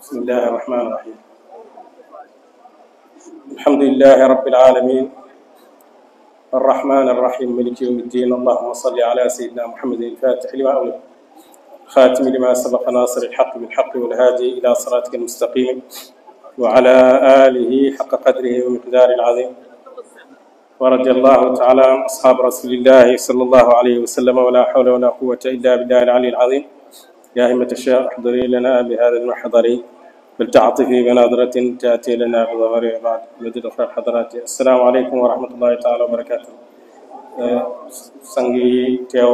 بسم الله الرحمن الرحيم الحمد لله رب العالمين الرحمن الرحيم ملك يوم الدين اللهم صل على سيدنا محمد الفاتح لما أولى خاتم لما سبق ناصر الحق بالحق والهادي إلى صراطك المستقيم وعلى آله حق قدره ومقداره العظيم ورضي الله تعالى عن أصحاب رسول الله صلى الله عليه وسلم ولا حول ولا قوة إلا بالله العلي العظيم يا همة الشيخ احضري لنا بهذا المحضر بالتعاطفي بنظرة تأتي لنا بظهر بعد مدد أخرى الحضرات السلام عليكم ورحمة الله تعالى وبركاته أه، سنجي تيو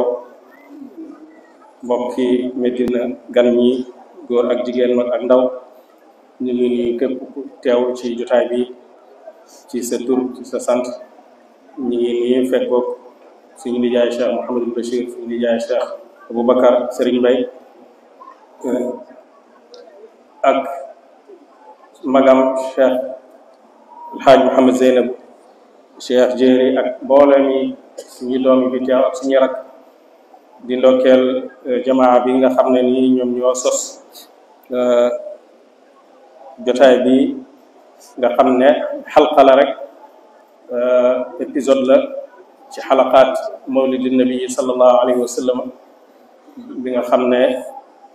بوكي مدينة غنمي غور أكجيجين من أندو ñu ngi تيو képp ku teew ci jotaay bi ci ñu ngi nii fekk boog suñu nijaay Cheikh Mouhamadul Bachir suñu nijaay Cheikh Aboubacar Serigne Mbaye eh, ak magam Cheikh Alhaaj Mouhamad Zeynab Cheikh Jéeri ak mboolem yi suñu doom yi teew ak suñu rak di ndokkeel eh, jamaa bi nga xam ne nii ñoom ñoo sos eh, jotaay bi nga xam ne xalqa la rek Euh, épisode la ci xalaqaat mawlidi nabi sallallahu alayhi wa bi nga xam ne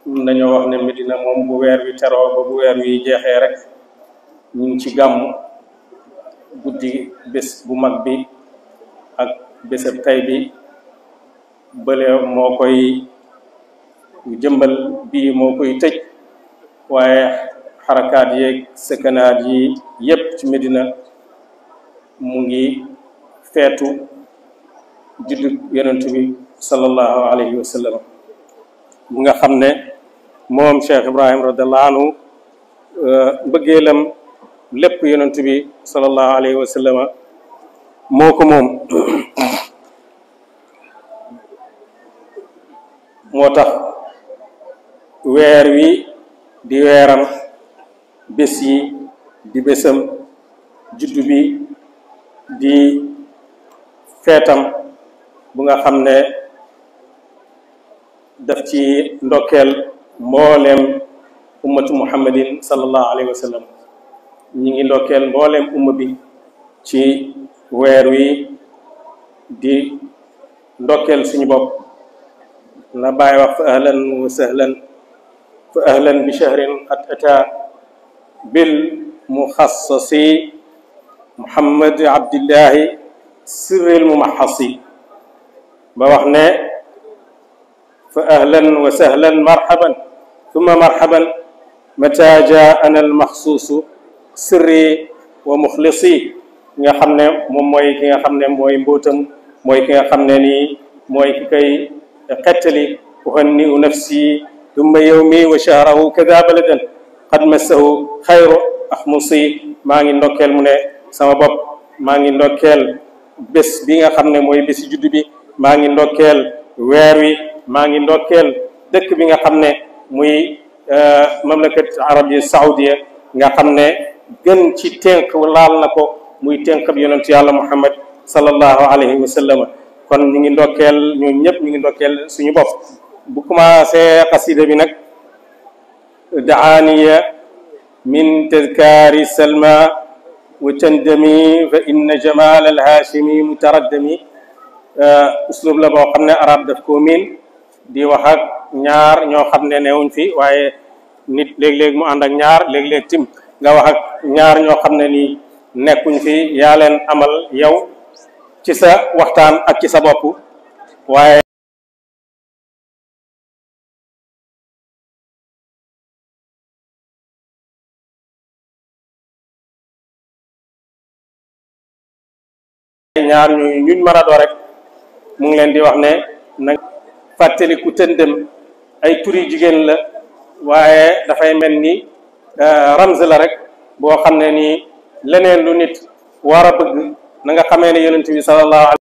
dañoo wax ne Medina moom bu weer wi teroo bu weer wi jeexee rek ñu ngi ci gàmm guddi bés bu mag bi ak bésab tey bi bële moo koy jëmbal bii moo koy tëj waaye xarakaat yeeg sëkkanaat yi yépp ci Medina mu ngi feetu juddu yonent bi sallallahu alayhi wa sallam mu nga xam ne moom Cheikh Ibrahim radiallahu anhu uh, mbëggeelam lépp yonent bi sallallahu alayhi wa sallam moo ko moom moo tax weer wi di weeram bés yi di bésam juddu bi di feetam bu nga xam ne daf ci ndokkeel mbooleem ummatu muhammadin sallallahu alayhi wa ñi ngi ndokkeel mbooleem umma bi ci weer wi di ndokkeel suñu bopp la bàyyi wax fa ahlan wa fa ahlan bi shahrin qad ata bil muxassasi Muhammad Abdillahi Sirril Mumahasi ba wax ne fa ahlan wa sahlan marhaban thumma marhaban mata jaana almaxsuusu sirri wa muxlisi ki nga xam ne moom mooy ki nga xam ne mooy mbóotam mooy ki nga xam ne nii ki koy xettali uhanni nafsi thumma yowmi wa shahrahu kada baladan qad massahu xayru axmusi maa ngi ndokkeel mu ne sama bopp maa ngi ndokkeel bés bi nga xam ne mooy bési juddu bi maa ngi ndokkeel weer wi maa ngi ndokkeel dëkk bi nga xam ne muy euh, mamlakat arabiya saoudia nga xam ne gën ci tënk laal na ko muy tënk bi yonentu yàlla muhammad sallallahu alayhi wa sallam kon mu ngi ndokkeel ñooñu ñëpp mu ngi ndokkeel suñu bopp bu commencé xasida bi nag daaniya min tadkaari salma وتندمي فإن جمال الهاشمي متردمي uslub la boo xam ne arab daf koo di wax ak ñaar ñoo xam ne newuñ fi waaye nit léeg-léeg mu ànd ak ñaar léeg-léeg tim nga wax ak ñaar ñoo xam ne nii nekkuñ fi yaa leen amal yow ci sa waxtaan ak ci sa bopp waaye ñaar ñooñu ñuñ mën rek mu ngi leen di wax ne na fàttaliku ku dem ay turi jigéen la waaye dafay mel ni euh, ramz la rek boo xam ne nii leneen lu nit war a bëgg na nga xamee ne yonent bi sallallahu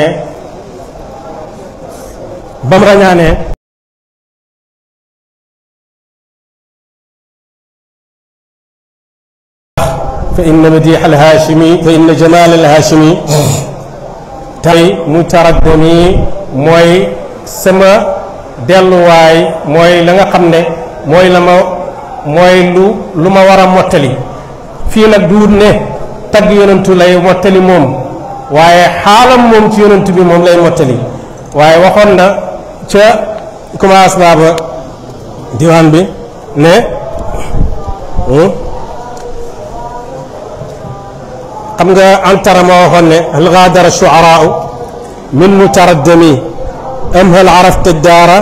Eh? bam rañaanee fa inna madiix alhaashimi fa inna jamaal alhaashimi tey mu taraddami mooy sama delluwaay mooy la nga xam ne mooy la ma mooy lu lu ma war a mottali fii nag duut ne tagg yonentu lay mottali moom waaye xaalam moom ci yonent bi moom lay mottali waaye waxoon na ca commencement ba diwaan bi ne xam nga antara ma waxoon ne hal gaadara shucaraau min mutaraddami am hal arafta daara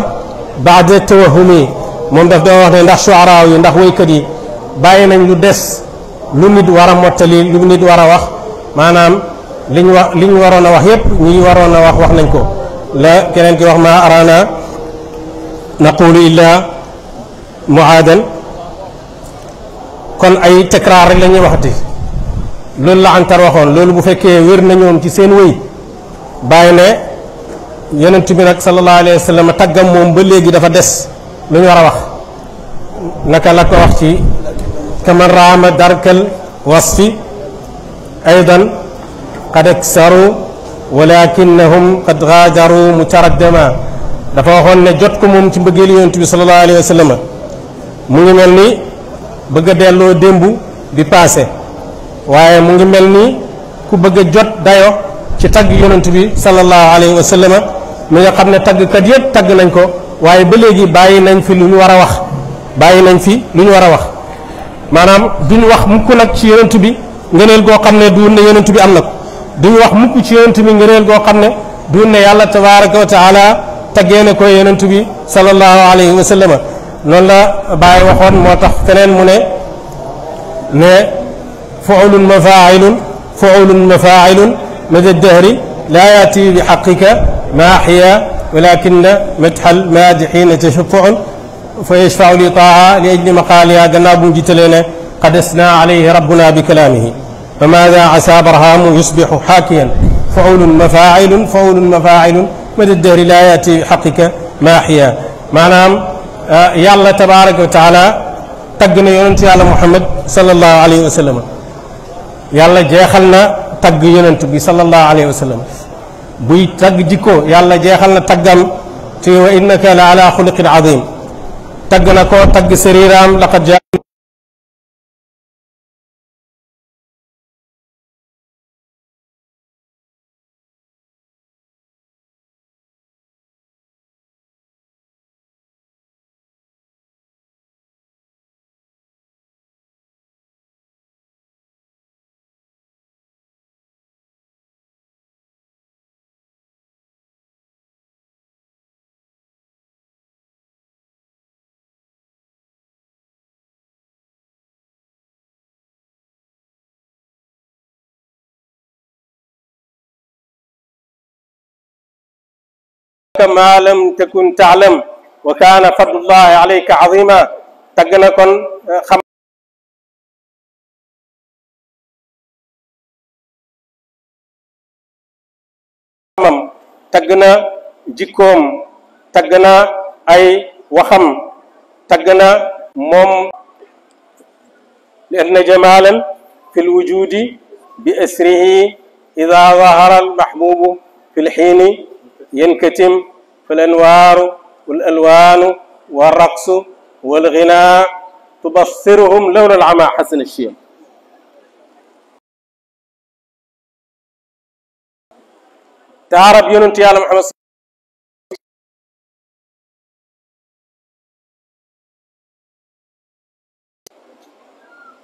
baada tawahumi moom daf doon wax ne ndax shucaraaw yi ndax waykat yi bàyyi nañ lu des lu nit war a mottali lu nit war a wax maanaam li ñu wax li ñu waroon a wax yëpp ñi ñu waroon a wax wax nañ ko la keneen ki wax maa araana naqulu illaa muaadan kon ay tekraar rek la ñuy waxati loolu la antar waxoon loolu bu fekkee wér na ñoom ci seen wéy bàyyi ne yonent bi nag sallallahu alayhi wa sallam taggam moom ba léegi dafa des lu ñu war a wax naka la ko wax ci kaman raama darkal wasfi aydan qad aksaru walakinnahum qad gaajaru mutaraddama dafa waxoon ne jot ko moom ci mbëggeelu yonent bi sallallahu alayhi wa sallam mu ngi mel ni bëgg a delloo démb bi paase waaye mu ngi mel ni ku bëgg a jot dayo ci tagg yonent bi sallallahu alayhi wa sallam mi nga xam ne taggkat yëpp tagg nañ ko waaye ba léegi bàyyi nañ fi lu ñu war a wax bàyyi nañ fi lu ñu war a wax maanaam duñ wax mukk nag ci yonent bi ngëneel goo xam ne du ne yonent bi am na ko duñ wax mukk ci yonent bi ngëneel goo xam ne duñ ne yàlla tabaraka wa taala taggee na ko yonent bi sallallahu alayhi wa sallam loolu la bàyyi waxoon moo tax feneen mu ne ne fuulun mafailun fuulun mafailun mada dahri laa yaati bi xaqika maaxiya walakina madxal maadixina tashafuun fa yashfau li taa li ajli maqaaliya gannaaw bu mu jiitalee ne qadasna alayhi rabbuna bi kalaamihi فماذا عسى برهام يصبح حاكيا فعول مفاعل فعول مفاعل مدى الدهر لا يأتي حقك ماحيا يا آه، يالله تبارك وتعالى تقنا يونت على محمد صلى الله عليه وسلم يالله جيخلنا تق يونت بي صلى الله عليه وسلم بي تق جيكو يالله جيخلنا تقم تي وإنك لعلى خلق عظيم تقنا كو تق سريرام لقد جاء ما لم تكن تعلم وكان فضل الله عليك عظيما تقنكن آه، خم تغنا جيكوم تغنا اي وخم تغنا موم لان جمالا في الوجود باسره اذا ظهر المحبوب في الحين ينكتم فالأنوار والألوان والرقص والغناء تبصرهم لولا العمى حسن الشيم taarab yonent yàlla Muhammad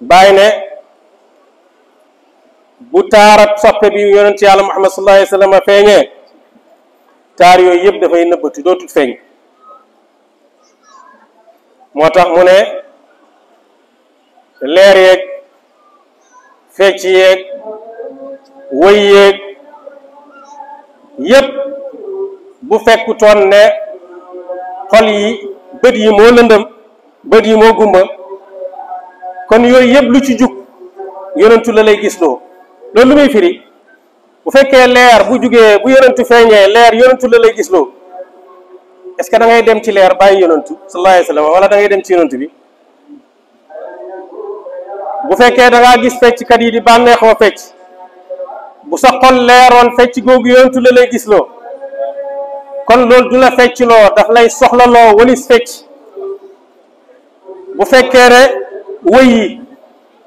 bàyyi ne bu taarab soppe bi yonent yàlla Muhammad sallallahu alayhi wa sallam feeñee taar yooyu yëpp dafay nëbbatu dootul feeñ moo tax mu ne leer yeeg fecc yeeg wëy yeeg yëpp bu fekkutoon ne xol yi bët yi moo lëndëm bët yi moo gumba kon yooyu yëpp lu ci jug yonentu la lay gis loo loolu muy firi bu fekkee leer bu jugee bu yonentu feeñee leer yonentu la lay gisloo est-ce que da dem ci leer bàyyi yonentu sallallahu alayhi wa sallam wala da ngay dem ci yonentu bi bu fekkee dangaa ngaa gis fecckat yi di bànneexoo fecc bu sa xol leeroon fecc googu yonentu la lay gisloo kon loolu du la fecc loo daf lay soxla loo walis fecc bu fekkee ne wëy yi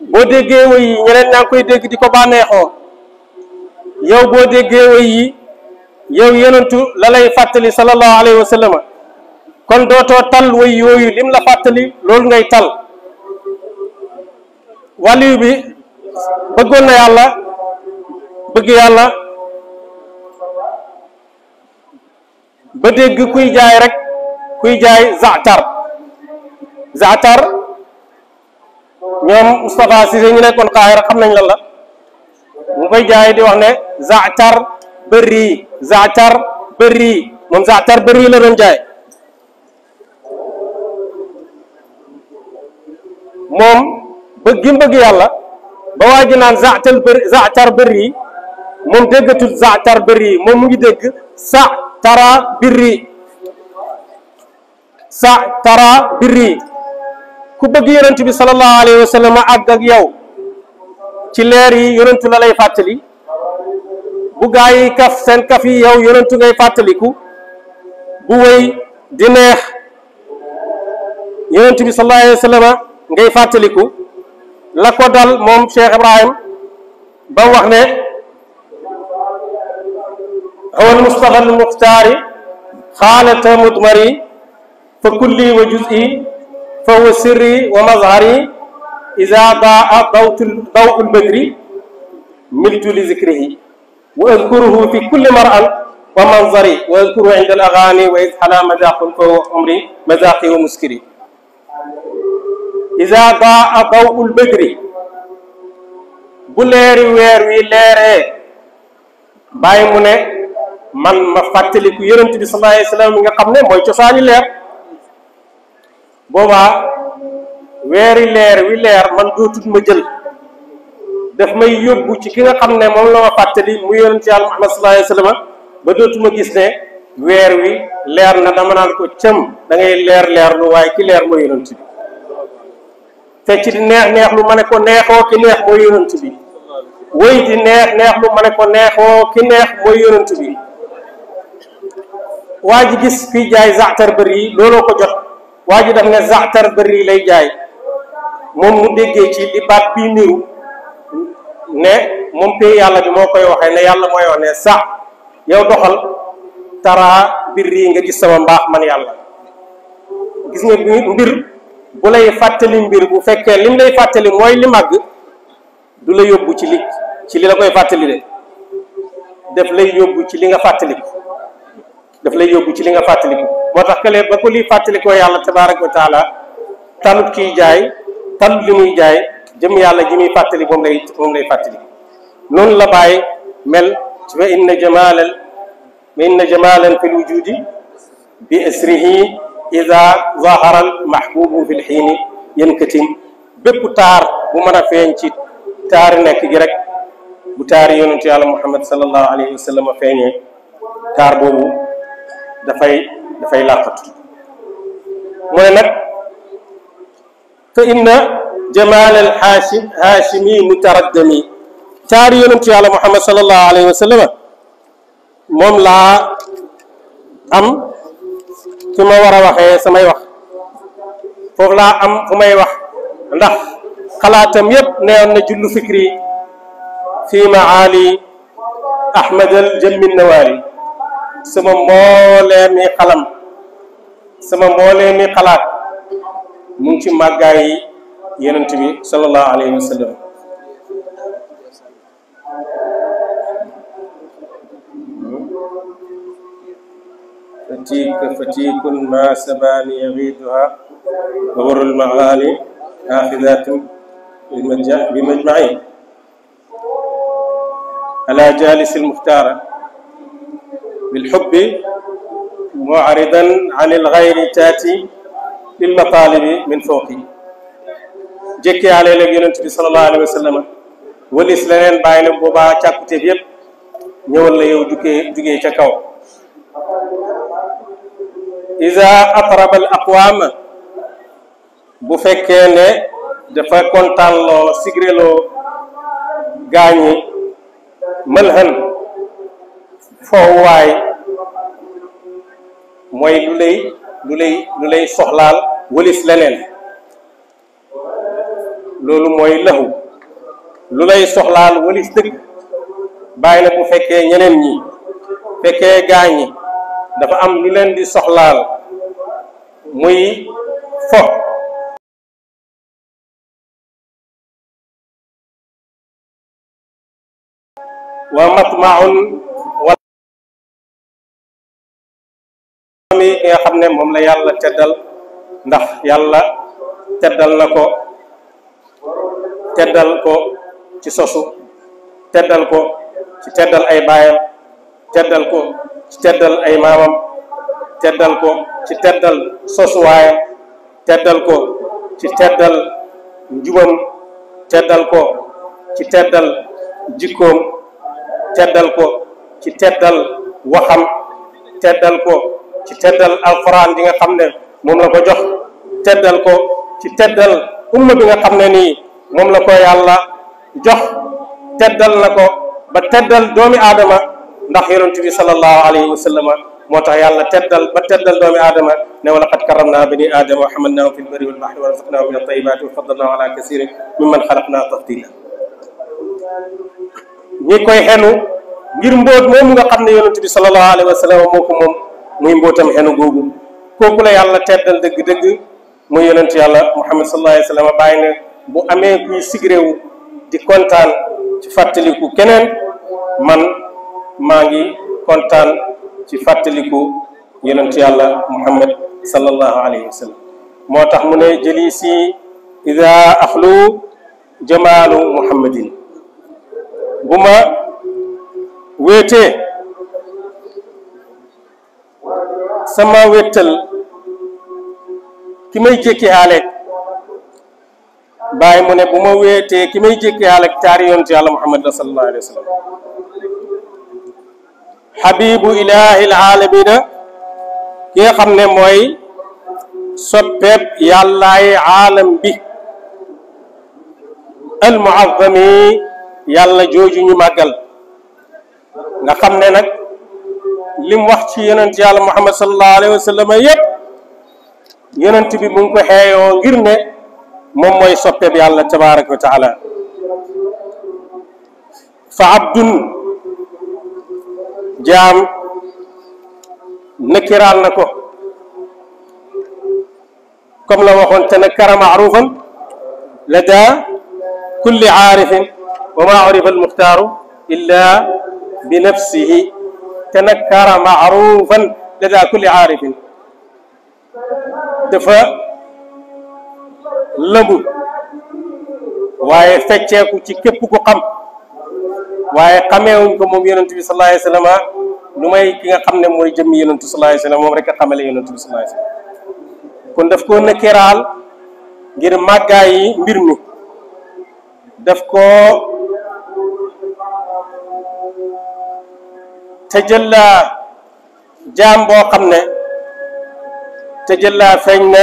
boo déggee wëy yi ñeneen ñaa koy dégg di ko bànneexoo yow boo déggee way yi yow yonentu la lay fàttali sallallahu alayhi wa kon dootoo tal way yooyu lim la fàttali loolu ngay tal wàlliyu bi bëggoon na yàlla bëgg yàlla ba dégg kuy jaay rek kuy jaay zaatar zaatar ñoom Moustapha Cissé ñu nekkoon Kaahira xam nañ lan la mu koy jaay di wax ne zaatar bëri zaatar bëri moom zaatar bëri la doon jaay moom bëgg gi bëgg yàlla ba waa ji naan zaatar bëri zaatar bëri moom déggatul zaatar bëri moom mu ngi dégg sa tara birri sa tara birri ku bëgg yonent bi sallallahu alayhi wa sallam àgg ak yow ci leer yi yonentu la lay bu gaa kaf seen kaf yi yow yonentu ngay fàttaliku bu wéy di neex yonentu bi sallallahu ngay fàttaliku la ko dal moom Cheikh Ibrahim ba ne awal mustafa al xaalata mutmari fa kulli wa juz'i fa huwa sirri wa mazhari إذا ضاء ضوء البدر ملت لذكره وأذكره في كل مرأة ومنظري وأذكره عند الأغاني وإذ حلا مذاق فهو أمري مذاقي ومسكري إذا ضاء ضوء البدر بلير وير ويلير باي من من ما فاتلي كو يرنتي صلى الله عليه وسلم nga xamne moy ciosani leer boba weeri leer wi leer man dootut ma jël daf may yóbbu ci ki nga xam ne moom la ma fàttali mu yonent yàlla Muhammad sallallahu alayhi wa sallam ba dootuma gis ne weer wi leer na dama naan ko cëm da ngay leer leer lu waaye ki leer mooy yonent bi te ci di neex neex lu ma ne ko neexoo ki neex mooy yonent bi woy di neex neex lu ma ne ko neexoo ki neex mooy yonent bi waa ji gis fii jaay zaxtar bari yi looloo ko jot waa ji daf ne zaxtar bari lay jaay moom mu déggee ci di baat bii niru ne moom pee yàlla bi moo koy waxee ne yàlla mooy wax ne sax yow doxal taraa mbir yi nga gis sama mbaax man yàlla gis nga mbir bu lay fàttali mbir bu fekkee lim lay fàttali mooy li màgg du la yóbbu ci li ci li la koy fàttali de daf lay yóbbu ci li nga fàttaliku daf lay yóbbu ci li nga fàttaliku moo tax kële ba ko liy fàttalikoo yàlla tabaaraka wa taala tanut kiy jaay tal li muy jaay jëm yàlla gi muy fatali moom lay moom lay fatali non la baye mel wa inna jamalan wa inna jamalan fil wujudi bi asrihi idha zahara al mahbub fi hin yënkatin bépp tar bu meuna feñ ci tar nek gi rek bu tar yonentu yàlla muhammad sallallahu alayhi feñe tar bobu da fay da fay làqatu moy nak فإن جمال الحاشم هاشمي متردمي caar yonentu yàlla muhammad sallallahu alayhi wa sallam moom laa am fi ma war a waxee samay wax foofu laa am fu may wax ndax xalaatam yépp neewoon na jullu fikri fi maali ahmad al jammin nawaali sama mboolee mi xalam sama mboolee mi xalaat ممكن ngi ci màggaay yenent bi sallallahu alayhi فتيك فتيك ما سباني يغيدها غور المعالي آخذات بمجمعين على جالس المختارة بالحب معرضا عن الغير تاتي lil mataalibi min fawqi jékkiyaalee léeg yonent bi sallallahu alayhi wa leneen bàyyi boobaa càkkuteef yépp ñëwal la yow jugee jugee ca kaw iza atraba al aqwaam bu fekkee ne dafa kontaanloo sigreloo gaañi malhan foowaay mooy lu lay lu lay lu lay soxlaal wëlis leneen loolu mooy lëxu lu lay soxlaal wëlis dëgg bàyyi na bu fekkee ñeneen ñi fekkee gaañi dafa am lu leen di soxlaal muy fo wa matmaun nga xam ne moom la yàlla teddal ndax yàlla teddal na ko teddal ko ci sosu teddal ko ci teddal ay baayam teddal ko ci teddal ay maamam teddal ko ci teddal sosuwaayam teddal ko ci teddal njubam teddal ko ci teddal jikkoom teddal ko ci teddal waxam teddal ko ci teddal alquran bi nga xam ne moom la ko jox teddal ko ci teddal umma bi nga xam ne nii moom la ko yàlla jox teddal na ko ba teddal doomi aadama ndax yonent bi sallallahu alayhi wa sallam moo tax yàlla teddal ba teddal doomi aadama ne wa laqad karamna bani aadama wa hamalnaahum fil barri wal bahri wa razaqnaahum min at-tayyibaati wa faddalnaahum ala kasiirin mimman xalaqnaa koy xenu ngir mbóot moomu nga xam ne yonent bi sallallahu alayhi wa sallam moo moom muy mbootam xenu googu kooku la yàlla teddal dëgg-dëgg muy yonent yàlla muhammad sallallahu alayhi wa sallam bàyyi ne bu amee kuy sigréwu di kontaan ci fàttaliku keneen man maa ngi kontaan ci fàttaliku yonent yàlla muhammad sallallahu alayhi wa sallam moo tax mu ne jëli si ida axlu jamaalu muhammadin bu ma wéetee sama wéttal ki may jékki xaaleeg bàyyi mu ne bu ma wéetee ki may jékki xaaleeg taari yoon ci yàlla muhammad la sallallahu alayhi wa sallam xabibu ilahil aalamina ki nga xam ne mooy soppeeb yàllaay aalam bi al muazzami yàlla jooju ñu màggal nga xam ne nag li mu wax ci yonent yàlla muhammad sallallahu alayhi wa sallam yépp yonent bi mu ngi ko xeeyoo ngir ne moom mooy soppeeb yàlla tabaraka wa taala fa abdun jaam nakiraal na ko comme la waxoon te nakara maarufan lada kulli aarifin wa ma urifa almuxtaaru illa bi nafsihi tanakkara maarufan lada kulli aarifin dafa lëbu waaye fecceeku ci képp ku xam waaye xameewuñ ko moom yonent bi sallallahu alayhi lu may ki nga xam ne mooy jëmmi yonent bi sallallahu alayhi moom rekk a xamale yonent bi sallallahu kon daf koo nëkkiraal ngir màggaay yi mbir mi daf koo te jël laa jaam boo xam ne te jël laa feeñ na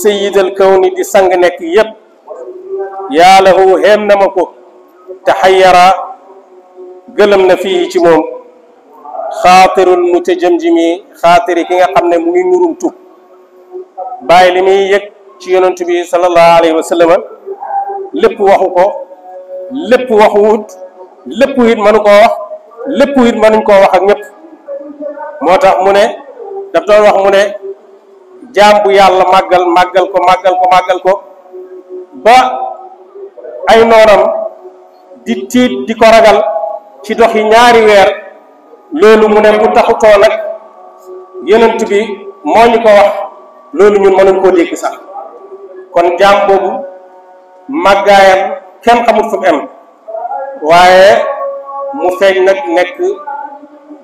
sayidal kawni di sang nekk yépp yaalahu xéem na ma ko te xayyara gëlëm na fii ci moom xaatirul mu te jëm ji mi xaatiri ki nga xam ne mu ngi ñurum tub bàyyi li muy yëg ci yonent bi sallallahu alayhi wa lépp waxu ko lépp waxu wut lépp it mënu koo wax lépp ma mënuñ koo wax ak ñëpp moo tax mu ne daf doon wax mu ne jaam bu yàlla màggal màggal ko màggal ko màggal ko ba ay noonam di tiit di ko ragal ci dox yi ñaari weer loolu mu ne bu taxutoo nag yenent bi moo ñu ko wax loolu ñun mënuñ koo dégg sax kon jaam boobu màggaayam kenn xamul fu mu waaye mu feeñ nag nekk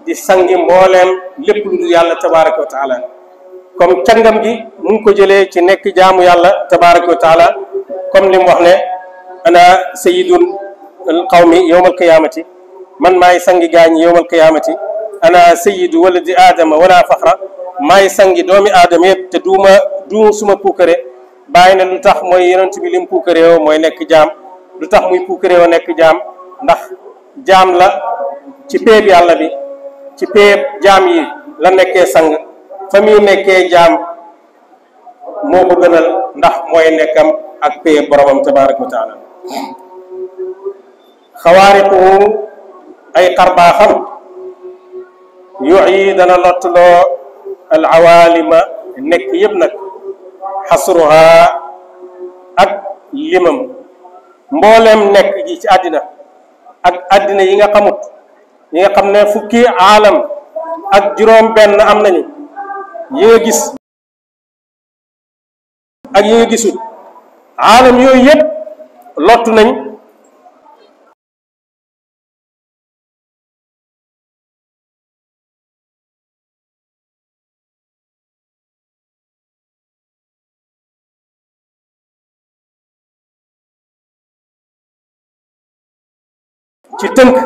di sangi mbooleem lépp lu yàlla tabaraka wa taala comme cangam gi mu ko jëlee ci nekk jaamu yàlla tabaraka wa taala comme ni mu wax ne ana sayidul qawmi yowmal qiyamati man maay sangi gaañ yowmal qiyamati ana sayidu di aadama wala faxra maay sangi doomi aadama yëpp te duuma duuma suma puukare bàyyi na lu tax mooy yonent bi li mu puukare woo mooy nekk jaam lu tax muy puukare woo nekk jaam ndax jaam la ci péeb yàlla bi ci péeb jaam yi la nekkee sang fa muy nekkee jaam moo ko gënal ndax mooy nekkam ak péeb boromam tabaraka wa taala xawaariquhu ay xarbaaxam yuyi dana lottuloo al awaalima nekk yépp nag xasruha ak limam mbooleem nekk ji ci àddina ak addina yi nga xamut yi nga xam ne fukki aalam ak juróom benn am nañu yi nga gis ak yi nga gisul aalam yooyu yëpp lottu nañ ci tënk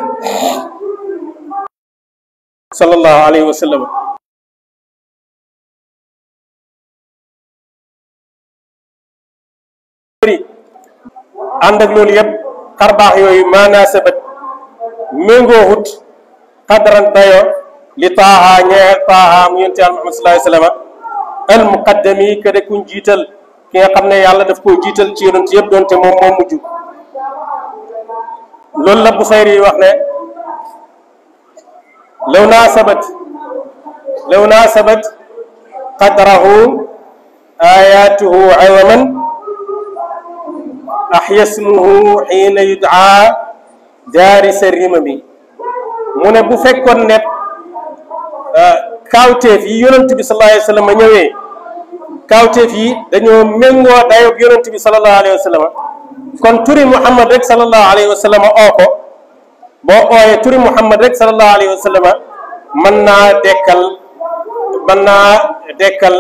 sallallahu alayhi wa sallam loolu yëpp xarbaax yooyu maanasabat méngoowut xadran dayo li taaha ñeel taaha mu yonte yàlla Muhammad sallallahu alayhi wa sallam al muqaddami kuñ jiital ki nga xam ne yàlla def koo jiital ci yonent yëpp doonte moom moo mujj لولا بخيري وحنا لو ناسبت لو ناسبت قدره آياته عظما أحيا اسمه حين يدعى دارس الرمم من بفكر نب آه، كاوتي في يونان تبي صلى الله عليه وسلم كاوتي في دانيو مينغو دايو يونان تبي صلى الله عليه وسلم kon turi muhammad rek sallallahu alayhi wa sallam oo ko boo ooyee turi muhammad rek sallallahu alayhi wa sallam mën naa dekkal mën naa dekkal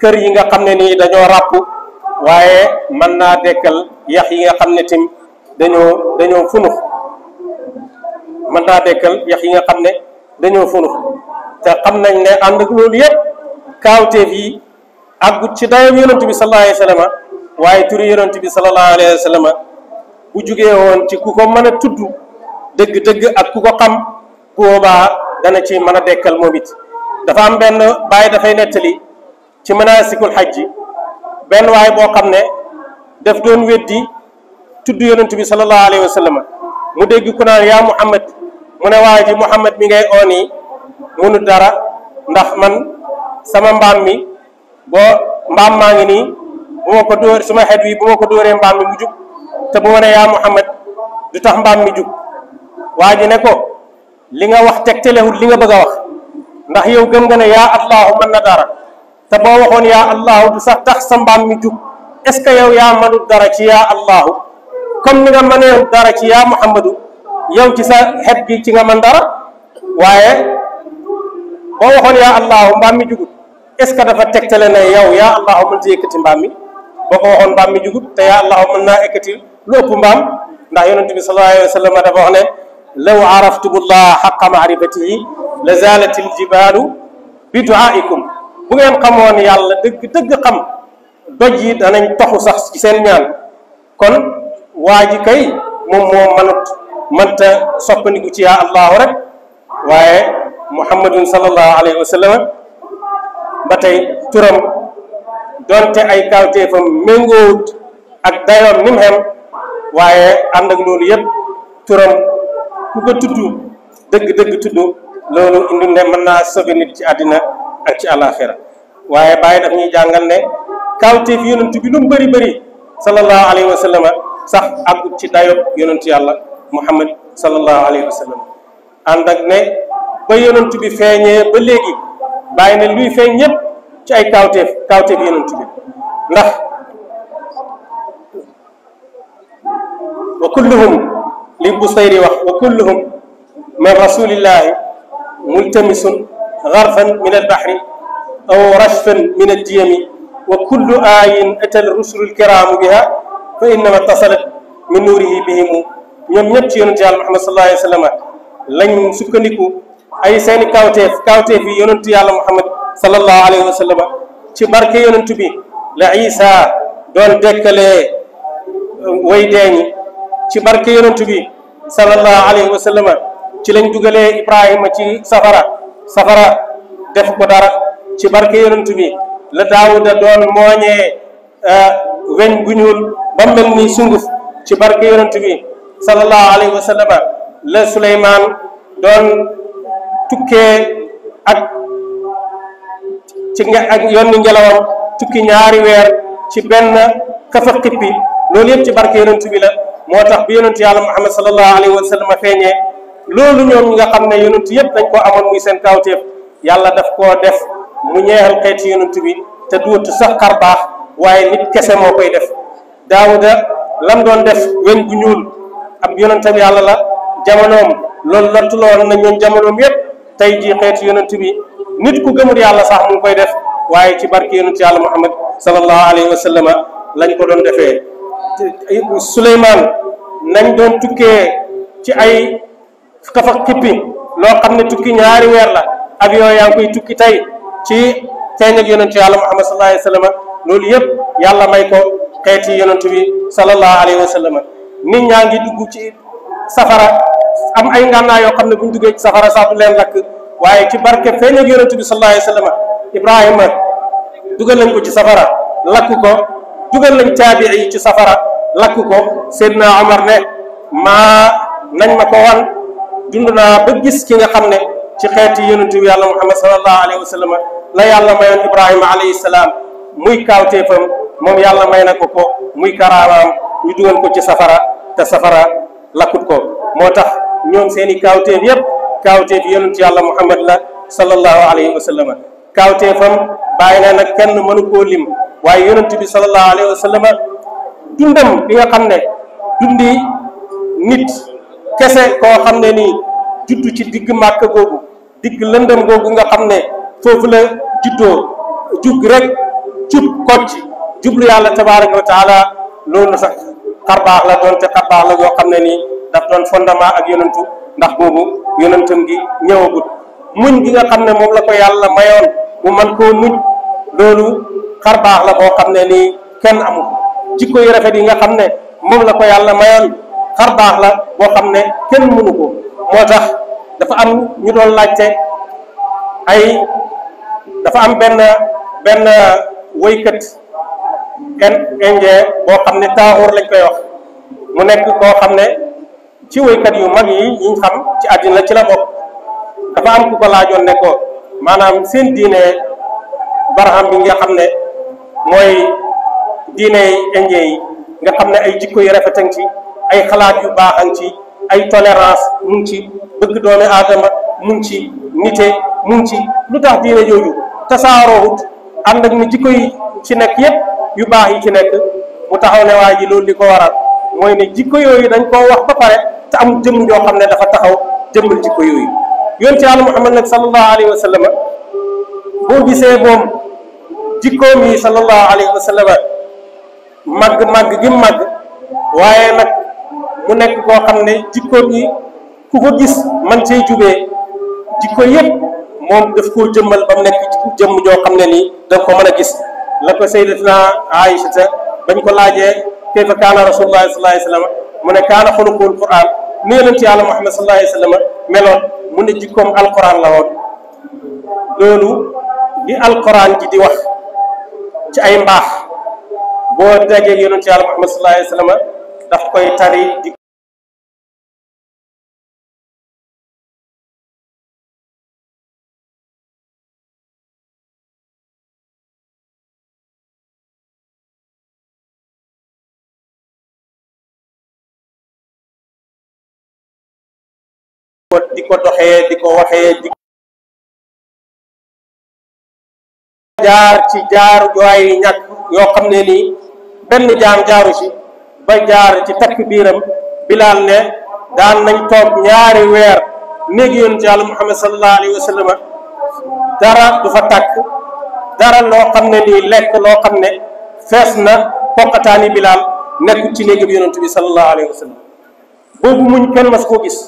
kër yi nga xam ne nii dañoo ràpp waaye mën naa dekkal yax yi nga xam ne tim dañoo dañoo funux mën naa dekkal yax yi nga xam ne dañoo funux te xam nañ ne ànd ak loolu yëpp kaawteef yi àggut ci dayoom yonent bi sallallahu alayhi wa sallam waaye turi yonent bi sallallahu alayhi wa sallam bu jugee woon ci ku ko mën a tudd dëgg-dëgg ak ku ko xam boobaa dana ci mën a dekkal moom it dafa am benn baay dafay nettali ci manaasikul xaj ji benn waay boo xam ne daf doon weddi tudd yonent bi sallallahu alayhi wa sallam mu dégg ku naan yaa Muhammad mu ne waa ji Muhammad mi ngay oon yi munu dara ndax man sama mbaam mi boo mbaam maa ngi nii bu ma ko dóor suma xet ko dóoree mbaam mi mu jug te bu ma ne yaa Muhammad du tax mbaam mi jug waa ji ne ko li nga wax tegtalewut li nga bëgg a wax ndax yow gëm nga ne yaa Allahu man na dara te boo waxoon yaa Allahu du sax tax sa mbaam mi jug est ce que yow yaa mënut dara ci yaa Allahu comme ni nga mënee dara ci yaa Muhammadu yow ci sa xet gi ci nga man dara waaye boo waxoon yaa Allahu mbaam mi jugut est ce que dafa tegtale ne yow yaa Allahu mën ta mbaam mi. boo ko waxoon mbaam mi jugub te yaa allahu mën naa ekkati lu ëpp mbaam ndax yonente bi sallallahu alayhi wa sallam dafa wax ne law araftumullah xaqa maarifatihi la zalatil jibalu bi duaikum bu ngeen xamoon yàlla dëgg dëgg xam doj yi danañ toxu sax ci seen ñaan kon waa ji kay moom moo manut mënta soppandiku ci yaa allahu rek waaye muhammadun sallallahu alayhi wa sallam ba tey turam donte ay kawteefam méngoowut ak dayoom ni waaye ànd ak loolu yëpp turam ku ko tudd dëgg-dëgg tudd loolu indi ne naa sauver nit ci àddina ak ci àllaaxira waaye bàyyi daf ñuy jàngal ne kawteef yonent bi lu mu bëri sallallahu alayhi wa sallam sax àggut ci dayob yonent yàlla muhammad sallallahu alayhi wa sallam ànd ak ne ba yonent bi feeñee ba léegi bàyyi ne luy feeñ ñëpp ci ay kawteef kawteef yonent bi ndax wa kulluhum li Busayri wax wa kulluhum min rasulillahi multamisun garfan min albahri aw rashfan min addiyami wa kullu ayin atal rusulu lkiramu biha fa innama tasalat min nuurihi bihimu ñoom ñëpp ci yonent yàlla Muhammad sallallahu alayhi wa sallam lañ sukkandiku ay seeni kawteef kawteef yi yonent yàlla Muhammad sallallahu alayhi wa sallam ci barke yonent bi la isa doon dekkalee uh, way deeñi ci barke yonent bi sallallahu alayhi wa sallam ci lañ dugalee ibrahima ci safara safara def ko dara ci barke yonent bi la daawuda doon mooñee uh, weñ gu ñuul ba mel ni sunguf ci barke yonent bi sallallahu alayhi wa sallam la suleymaan doon tukkee ak ci nga ak yonni ngelawam tukki ñaari weer ci benn kafa xippi loolu yëpp ci barke yonent bi la moo tax bi yonentu yàlla muhammad sallallahu alayhi wa sallam feeñee loolu ñoom ñi nga xam ne yonent yëpp dañ koo amoon muy seen yëpp yàlla daf koo def mu ñeexal xeeti yonent bi te duut sax xar baax waaye nit kese moo koy def daawuda lam doon def weñ gu ñuul ab yonentam yàlla la jamonoom loolu lottuloon na ñoom jamonoom yëpp tey jii xeeti yonent bi nit ku gëmul yàlla sax mu ngi koy def waaye ci barke yonent yàlla muhammad sallallahu alayhi wa sallam lañ ko doon defee suleymaan nañ doon tukkee ci ay kafa kippi loo xam ne tukki ñaari weer la avion yaa ngi koy tukki tey ci feeñ ak yonentu yàlla muhammad sallallahu alayhi wa sallam loolu yëpp yàlla may ko xeeti yonentu bi sallallahu alayhi wa sallam nit ñaa ngi dugg ci safara am ay ngànnaa yoo xam ne buñ duggee ci safara sax leen lakk waaye ci barke feeñu yonente bi sallallahu alayhi wa sallam Ibrahima dugal nañ ko ci safara lakk ko dugal nañ ci safara lakk ko Seydina Omar ne maa nañ ma ko wan dund naa ba gis ki nga xam ne ci xeeti yonente bi yàlla Muhammad sallallahu alayhi wa sallam la yàlla mayoon Ibrahima alayhi salaam muy kaawteefam moom yàlla may na ko ko muy karaamaam ñu dugal ko ci safara te safara lakkut ko moo tax ñoom seeni i kaawteef yépp kaawteef yonent yàlla muhammad la sallallahu alayhi wa sallam kaawteefam bàyyi na nag kenn mënu koo lim waaye yonent bi sallallahu alayhi wa sallam dundam nga xam ne dundi nit kese koo xam ne ni juddu ci digg màkk googu digg lëndëm googu nga xam ne foofu la juddoo rek jub kocc jublu yàlla tabaraka wa taala loolu sax xarbaax la doonte xarbaax la goo xam ne nii daf doon fondement ak yonentu ndax boobu yonentam gi ñëwagut muñ gi nga xam ne moom la ko yàlla mayoon mu man koo muñ loolu xar baax la boo xam ne nii kenn amul jikko rafet yi nga xam ne moom la ko yàlla mayoon xar baax la boo xam ne kenn mënu ko moo tax dafa am ñu doon laajte ay dafa am benn benn woykat kenn indien boo xam ne taaxuur lañ koy wax mu nekk koo xam ne ci woykat yu mag yi ñu xam ci àddina ci la bokk dafa am ku ko laajoon ne ko maanaam seen diine baraham bi xam ne mooy diine yi nga xam ne ay jikko yu rafet ci ay xalaat yu baax ci ay tolérance mu ngi ci bëgg doone aadama mu ngi ci nite mu ngi ci lu tax diine jooju tasaaroowut am ak ni jikko yi ci nekk yépp yu baax yi ci nekk mu taxaw ne waa ji loolu li ko waral mooy ne jikko yooyu dañ koo wax ba pare te am jëmm joo xam ne dafa taxaw jëmmal jikko yooyu yonent Yàlla Muhammad nag sallallahu alayhi wa sallam boo gisee moom jikkoom yi sallallahu alayhi wa sallam màgg-màgg gi màgg waaye nag mu nekk koo xam ne jikkoom yi ku ko gis man cee jubee jikko yëpp moom daf koo jëmmal ba mu nekk jëmm joo xam ne nii danga ko mën a gis la ko sayyidatuna Aïcha bañ ko laajee kayfa kaana rasulullahi sallallahu alayhi wa sallam mu ne kaana xuluqul quran نيرنتي على محمد صلى الله عليه وسلم ملون من جيكم القران لا وون لولو لي القران جي دي واخ تي اي مباخ بو داجي يونتي على محمد صلى الله عليه وسلم داف كوي تاري di ko doxee di ko waxee di jaar ci jaar waay ñàkk yoo xam ne nii benn jaam jaaru ci ba jaar ci takk biiram bilaal ne daan nañ toog ñaari weer néeg yoon ci àll muhammad sallallahu alayhi wa sallam dara du fa tàkk dara loo xam ne nii lekk loo xam ne fees na poqataani bilaal nekkul ci néegam yonent bi sallallahu alayhi wa boobu muñ kenn mas koo gis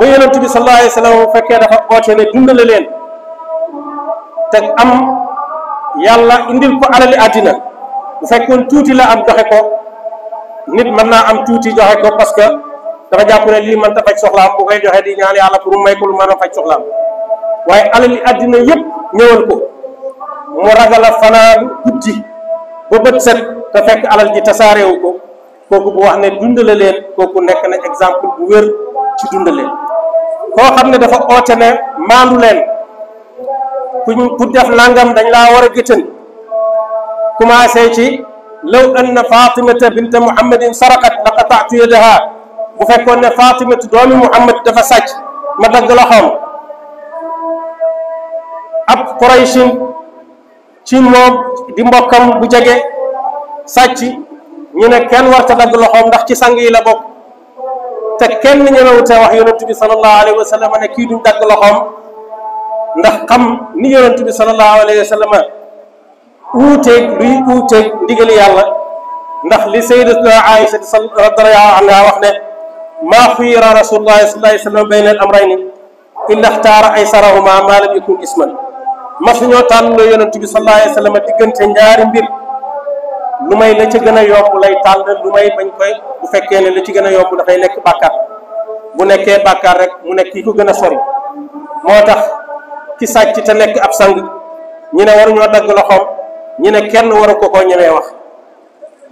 ba yonent bi sallallahu alayhi wa fekkee dafa oote ne dundale leen te am yàlla indil ko alali àddina bu fekkoon tuuti la am joxe ko nit mën naa am tuuti joxe ko parce que dafa jàpp ne lii mënta faj soxlaam bu koy joxe di ñaan yàlla pour may ko lu mën a faj soxlaam waaye i àddina yëpp ñëwal ko mu ragal a fanaan guddi ba bët set te fekk alal ji tasaareewu ko kooku bu wax ne dundale leen kooku nekk na exemple bu wér ci dundaleen koo xam ne dafa oote ne maandu leen kuñ def nangam dañ laa war a gëtën commencé ci law anna fatimata binta muhammadin sarakat la qataatu yadaha bu fekkoon ne fatimatu doomi muhammad dafa sàcc ma dagg loxoom ab quraychin ci moom di mbokkam bu jege sàcc ñu ne kenn warta dagg loxoom ndax ci sang yi la bokk تكن يروت وحي النبي صلى الله عليه وسلم انا كي دون داك لوخوم ندخ خم ني يروت النبي صلى الله عليه وسلم اوتي لوي اوتي ديغل يالا ندخ لي سيدتنا عائشه رضي الله عنها واخني ما خير رسول الله صلى الله عليه وسلم بين الامرين الا اختار ايسرهما ما لم يكن اسما ما في نيو تان يونتبي صلى الله عليه وسلم ديغنت نياري مير lu may la ca gën a yomb lay tànn lu may bañ koy bu fekkee ne la ci gën a yomb dafay nekk bàkkaar bu nekkee bàkkaar rek mu nekk ki ko gën a sori moo tax ci sàcc te lekk ab sang ñi ne waruñoo dagg loxoom ñi ne kenn waru ko koo ñemee wax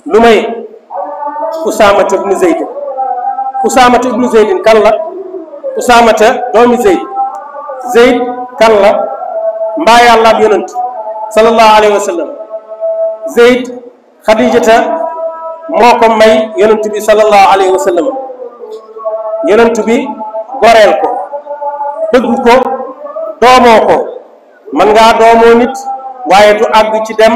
lu may usaamata ibnu zeydin usaamata ibnu zeydin kan la usaamata doomi zeyd zeyd kan la mbaa yàlla ab yonent sallallahu alayhi wa خديجة موكم ماي ينتبي صلى الله عليه وسلم ينتبي غوريلكو بغوكو دوموكو مانغا دومو نيت وايتو اغي تي ديم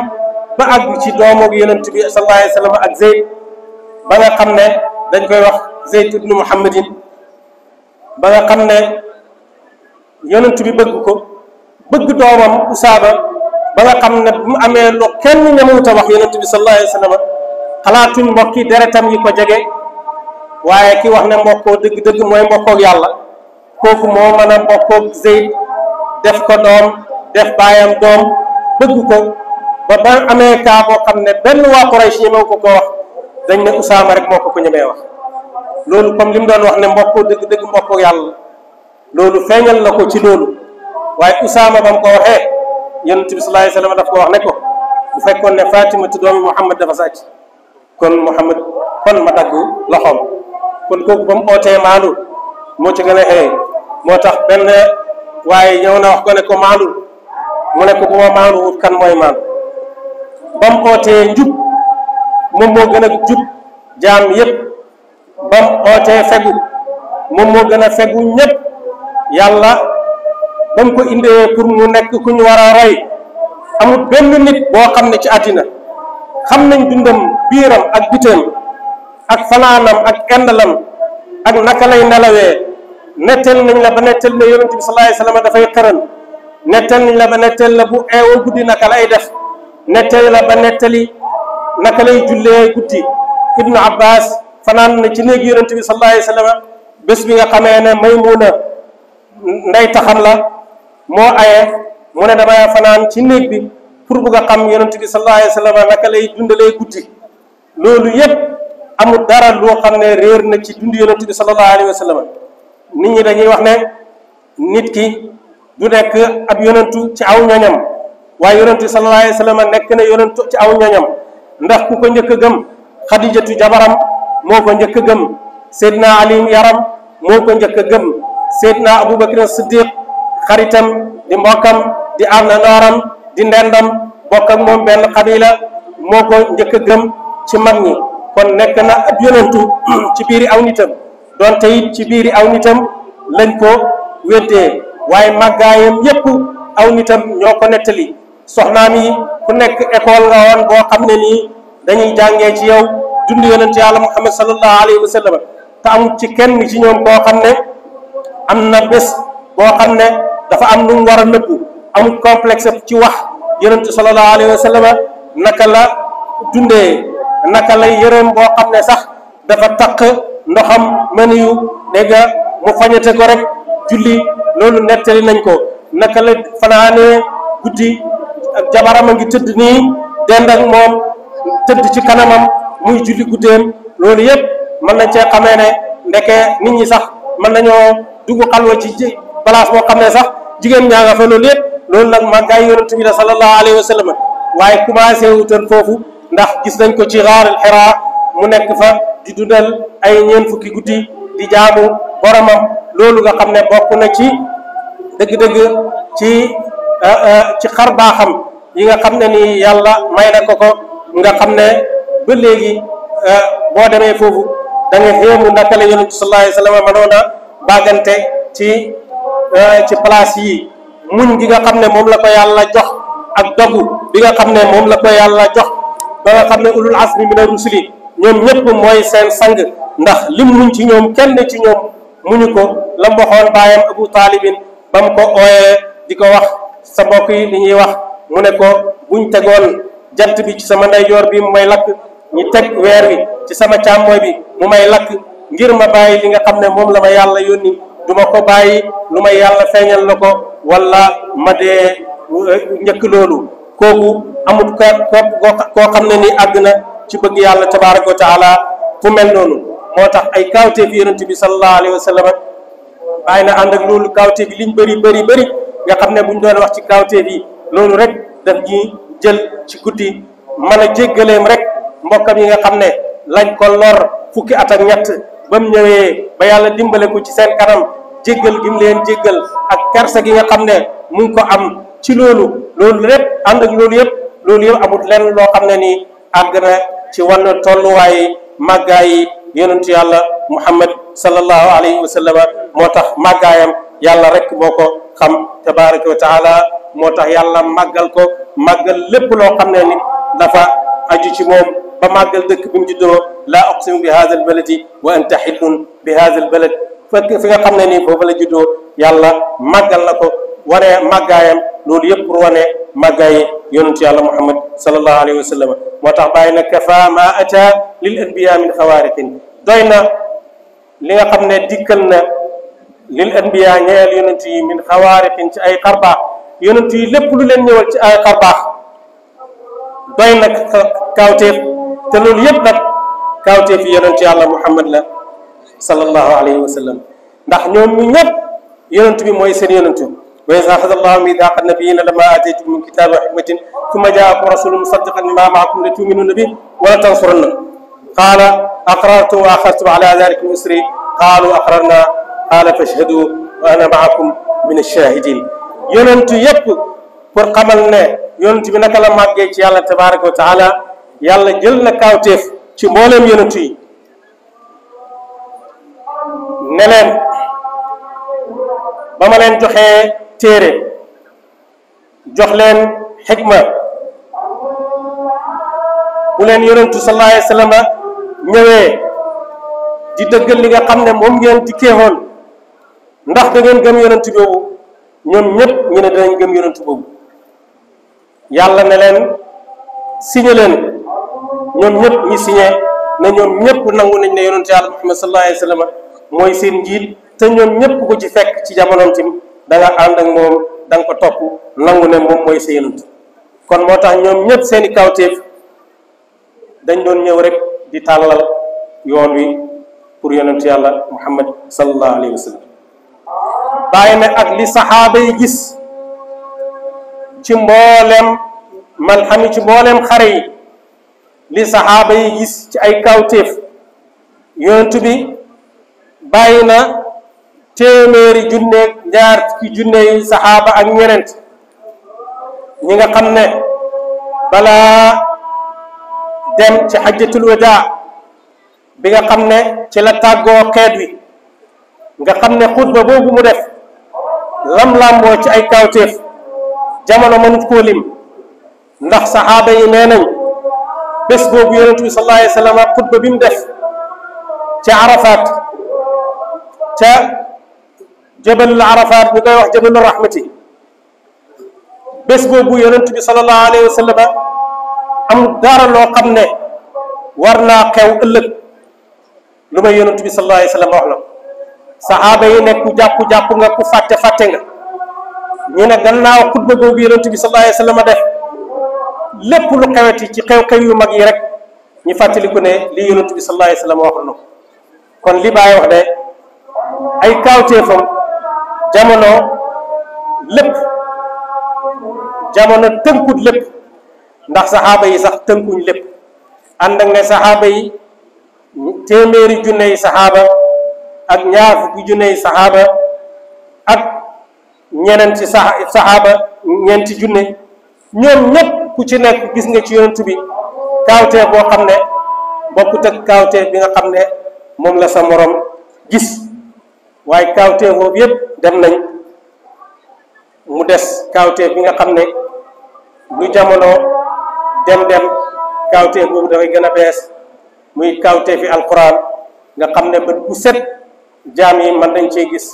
با اغي تي دومو ينتبي صلى الله عليه وسلم اك زيد باغا خامني دنجكاي واخ زيد بن محمد باغا خامني ينتبي بغوكو بغ دومام اسامه ba nga xam ne mu amee lu kenn ñemewut a wax yonent bi sallallahu alayhi wa sallam xalaatuñ mbokki deretam yi ko jege waaye ki wax ne mbokkoo dëgg-dëgg mooy mbokkoog yàlla kooku moo mën a mbokkoog Zeyd def ko doom def baayam doom bëgg ko ba ba amee kaa boo xam ne benn waa Quraysh ñemew ko ko wax dañ ne Usaama rek moo ko ko ñemee wax loolu comme li doon wax ne mbokkoo dëgg-dëgg mbokkoog yàlla loolu feeñal na ko ci loolu waaye Usaama ba ko waxee yonent bi sallallahu alayhi wa sallam daf ko wax ne ko bu fekkoon ne Fatima tu doomi Muhammad dafa sàcc kon Muhammad kon ma dagg loxoom kon kooku mu ootee maandu moo ci gën a moo tax benn waaye na wax ko ne ko maandu mu ne ko kan mooy maandu mu ootee njub moom moo gën a jub jaam yépp ba ootee fegu moom moo gën a fegu ñépp yàlla ba mu ko indee pour mu nekk ku ñu war a roy amul benn nit boo xam ne ci àddina xam nañ dundam biiram ak biteem ak fanaanam ak endalam ak naka lay nelawee nettal nañ la ba nettal la yonent bi sallallahu alayhi wasallam dafay la ba nettal la bu eewoo guddi naka lay def nettal la ba nettali naka lay jullee guddi ibnu abbas fanaan na ci néegi yonent bi sallallahu alayhi wasallam bés bi nga xamee ne Maymuna ndey taxam la moo aye mu ne damay fanaan ci néeg bi pour bugg a xam yonent bi sallallahu alayhi wa sallam naka lay dundalee guddi loolu yépp amul dara loo xam ne réer na ci dund yonent bi sallallahu alayhi wa sallam nit ñi dañuy wax ne nit ki du nekk ab yonentu ci aw ñoñam waaye yonent bi sallallahu alayhi wa sallam nekk na yonentu ci aw ñoñam ndax ku ko njëkk a gëm xadijatu jabaram moo ko njëkk a gëm seydna ali yaram moo ko njëkk a gëm seydna aboubacar siddiq xaritam di mbokkam di àndandooram di ndendam bokk moom benn xabila moo ko njëkk a gëm ci mag ñi kon nekk na ab yonantu ci biiri aw nitam donte it ci biir biiri aw nitam lañ ko weddee waaye màggaayam yépp aw nitam ñoo ko nettali soxnaam yi ku nekk école nga woon boo xam ne nii dañuy jàngee ci yow dund yonent yàlla muhammad sallallahu alayhi wa sallam am ci kenn ci ñoom boo xam ne am na bés boo xam ne dafa am lu mu war a nëbbu amul complexe ci wax yonent sallallahu alayhi wa sallam naka la dundee naka lay yërëm boo xam ne sax dafa taq ndoxam mëniyu dégg nga mu fañete ko rek julli loolu nettali nañ ko naka la fanaanee guddi ak jabaram a ngi tëdd nii dend moom tëdd ci kanamam muy julli guddeem loolu yëpp mën nañ cee xamee ne ndeke nit ñi sax mën nañoo dugg xalwa ci place boo xam ne sax jigéen ñaa nga fa loolu yëpp loolu nag màggaay yonent bi la sallallahu alayhi wa waaye commencé wutoon foofu ndax gis nañ ko ci xaaral Hiraa mu nekk fa di dundal ay ñeent fukki guddi di jaamu boromam loolu nga xam ne bokk na ci dëgg-dëgg ci euh, euh, ci xar baaxam yi nga xam ne nii yàlla may na ko ko nga xam ne ba léegi euh, boo demee foofu da nga xéemu naka la yonent bi sallallahu alayhi wa sallam mënoon a bàggante ci. Eh, ci place yi muñ gi nga xamne ne la ko yalla jox ak dogu bi nga xamne ne la ko yalla jox ba nga xamne ulul asmi mina rusuli ñom ñepp moy seen sang ndax lim muñ ci ñom kenn ci ñom muñ ko lam bayam abu Talibin, bam ko oye di wax sa bokk yi li ñi wax mu ne ko buñ tegon jant bi ci sama ndeyjoor bi may ñi tek wi ci sama chamoy bi mu may lak ngir ma bayyi li nga xamne ne la ma yalla yoni du ko bàyyi lu may yàlla feeñal na ko walla ma dee njëkk loolu kooku amut ko ko koo xam ne ni àgg na ci bëgg yàlla tabaraka wa taala fu mel noonu moo tax ay kawteef yonent bi sallallahu alayhi wa sallam bàyyi na ànd ak loolu kawteef yi liñ bëri bari bëri nga xam ne buñ doon wax ci kawteef yi loolu rek daf ñuy jël ci guddi mën a jéggaleem rek mbokkam yi nga xam ne lañ ko lor fukki at ak ñett ba mu ñëwee ba yàlla dimbale ko ci seen kanam jéggal gi leen jéggal ak kersa gi nga xam ne mu ko am ci loolu loolu lépp ànd ak loolu yëpp loolu yëpp amut lenn loo xam ne nii àgg na ci wàllu tolluwaayi màggaayi yonentu yàlla muhammad sallallahu alayhi wa sallam moo tax màggaayam yàlla rek moo ko xam tabaraka wa taala moo tax yàlla màggal ko màggal lépp loo xam ne ni dafa aju ci moom بماغل دك بمجدو لا أقسم بهذا البلد وأنت حل بهذا البلد فيا قمنا ني فوفلا جدو يالا ماغال لاكو وري ماغايام لول ييب بور واني ماغاي يونت يالا محمد صلى الله عليه وسلم موتاخ كفا ما اتى للانبياء من خوارق دوينا ليغا خمنا ديكلنا للانبياء نيال يونت من خوارق تي اي قربا يونت لي ليب لولن نيوال تي اي قربا دوينا كاوتيف te loolu yëpp nag kaawtee fi yonent yàlla muhammad la sallallahu alayhi wa sallam ndax ñoom ñu ñëpp yonent bi mooy seen yonent wa iz akhadha allahu mithaqa nabiyina lama ataytukum min kitabi wa hikmatin thumma ja'akum rasulun musaddiqan lima ma'akum la tu'minuna bi wa la tansurunna qala aqrartum wa akhadhtum ala dhalikum isri qalu aqrarna qala fashhadu wa ana ma'akum min ash-shahidin yonent yëpp pour xamal ne yonent bi naka la màggee ci yàlla tabaraka wa taala yàlla jël na kaawteef ci mbooleem yonent yi ne leen ba ma leen joxee téere jox leen xikma bu leen yonentu sallallahu alayhi wa di dëggal li nga xam ne moom ngeen di keexoon ndax da ngeen gëm yonentu boobu ñoom ñëpp ñu ne danañ gëm yonentu boobu yàlla ne leen ñoom ñëpp ñu signé ne ñoom ñëpp nangu nañ ne yonent yàlla Muhammad sallallahu alayhi wa sallam mooy seen njiit te ñoom ñëpp ku ci fekk ci jamonoom tim da nga ànd ak moom da ko topp nangu ne moom mooy sa yonent kon moo tax ñoom ñëpp seeni kawteef dañ doon ñëw rek di tàllal yoon wi pour yonent yàlla Muhammad sallallahu alayhi wa sallam bàyyi ne ak li saxaaba yi gis ci mbooleem malxami ci mbooleem xare yi li saxaaba yi gis ci ay kawtéef yonent bi bàyyi na téeméeri junneeg ñaar ci junne yi saxaaba ak ñenent ñi nga xam ne balaa dem ci xajjatul wadaa bi nga xam ne ci la tàggoo xeet wi nga xam ne xutba boobu mu def lam làmboo ci ay kawtéef jamono mënut koo lim ndax saxaaba yi nee nañ bés boobu yonent bi sallallahu alayhi wa sallam xutba bi mu def ca Arafat ca jabalul Arafat ñu koy wax jabalul rahmati bés boobu yonent bi sallallahu alayhi wa sallam am dara loo xam ne war naa xew ëllëg lu may yonent bi sallallahu alayhi wa sallam wax na saxaaba yi nekk ku jàpp jàpp nga ku fàtte fàtte nga ñu ne gannaaw xutba boobu yonent bi sallallahu alayhi wa sallam def. lépp lu xeweti ci xew-xew yu mag yi rek ñu fàttaliku ne li yonent bi sallallahu alayhi wa sallam waxoon kon li Baay de ay kaawteefam jamono lépp jamono tënkut lépp ndax saxaaba yi sax tënkuñ lépp ànd ak ne saxaaba yi téeméeri junney saxaaba ak ñaar fukki junney saxaaba ak ñeneen ci saxaaba ñeenti junne ñoom ñëpp ku ci nekk gis nga ci yonent bi kaawtee boo xam ne bokkut ak kaawtee bi nga xam ne moom la sa morom gis waaye kaawtee yëpp dem nañ mu des kaawtee bi nga xam ne lu jamono dem dem kaawtee boobu dafay gën a bees muy kaawtee fi nga xam ne bët bu set jaam yi man dañ cee gis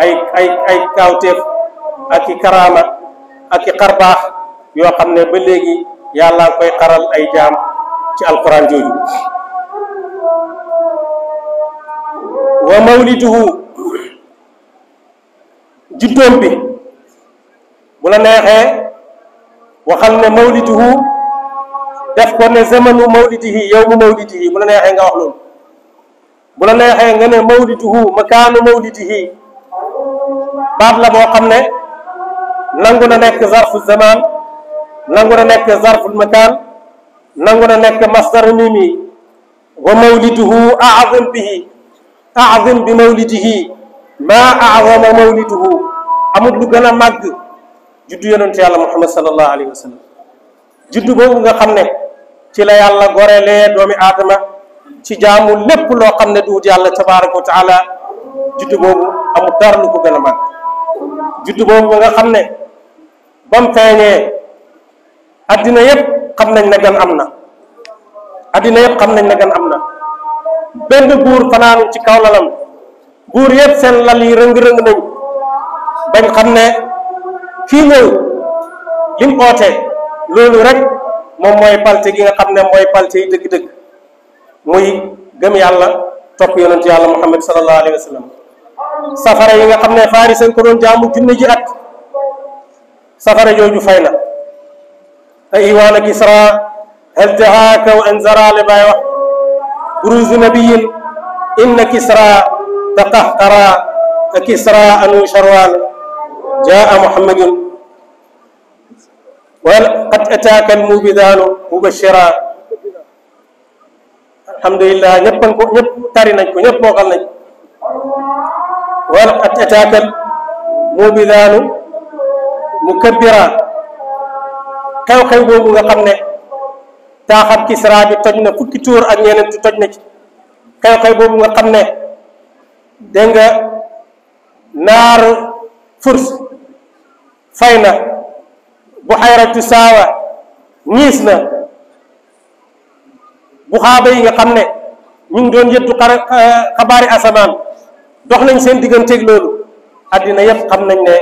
ay ay ay kaawteef ak i karaama ak i xarbaax yoo xam ne ba léegi yàlla koy xaral ay jaam ci alquran jooju wa mawliduhu juddoom bi bu la neexee waxal ne mawliduhu def ko ne zamanu mawlidihi yawmu mawlidihi bu la neexee nga wax loolu bu la neexee nga ne mawliduhu makaanu mawlidihi baat la boo xam ne nangu na nekk zarfu zaman nangu na nekk zarful makaan nangu na nekk masdar mimi wa mawliduhu aazam bihi aazam bi mawlidihi maa aazama mawliduhu amul lu gën a màgg juddu yonentu yàlla muhammad sallallahu alayhi wa sallam juddu boobu nga xam ne ci la yàlla gorelee doomi aadama ci jaamu lépp loo xam ne duut yàlla tabaraka wa taala juddu boobu amul dara lu ko gën a juddu boobu nga xam ne bam feeñee addina yëpp xam nañ ne gan am na addina yëpp xam nañ ne gan am na benn buur fanaanu ci kaw lalam buur yëpp seen lal yi rëng-rëng nañ bañ xam ne kii ñëw lim rek moom mooy palte gi nga xam ne mooy palte yi dëgg-dëgg muy gëm yàlla topp yonent yàlla muhammad sallallahu alayhi wa sallam safara yi nga xam ne faari seen ko doon jaamu junne ji at safara jooju fay na أيوان كسرى هل تهاك وأن زرى لبايوح بروز نبي إن كسرى تقهقرى كسرى أنو شروان جاء محمد وقد أتاك المبدان مبشرا الحمد لله نبقى نبقى نبقى نبقى وقد أتاك المبدان مكبرا xew-xew boobu nga xam ne taaxam Kisra bi toj na fukki tuur ak ñeneen toj na ci xew-xew boobu nga xam ne dégg nga naar furs fay na bu xayratu saawa ñiis na bu xaaba yi nga xam ne ñu ngi doon yëttu xabaari asamaan dox nañ seen digganteeg loolu àddina yëpp xam nañ ne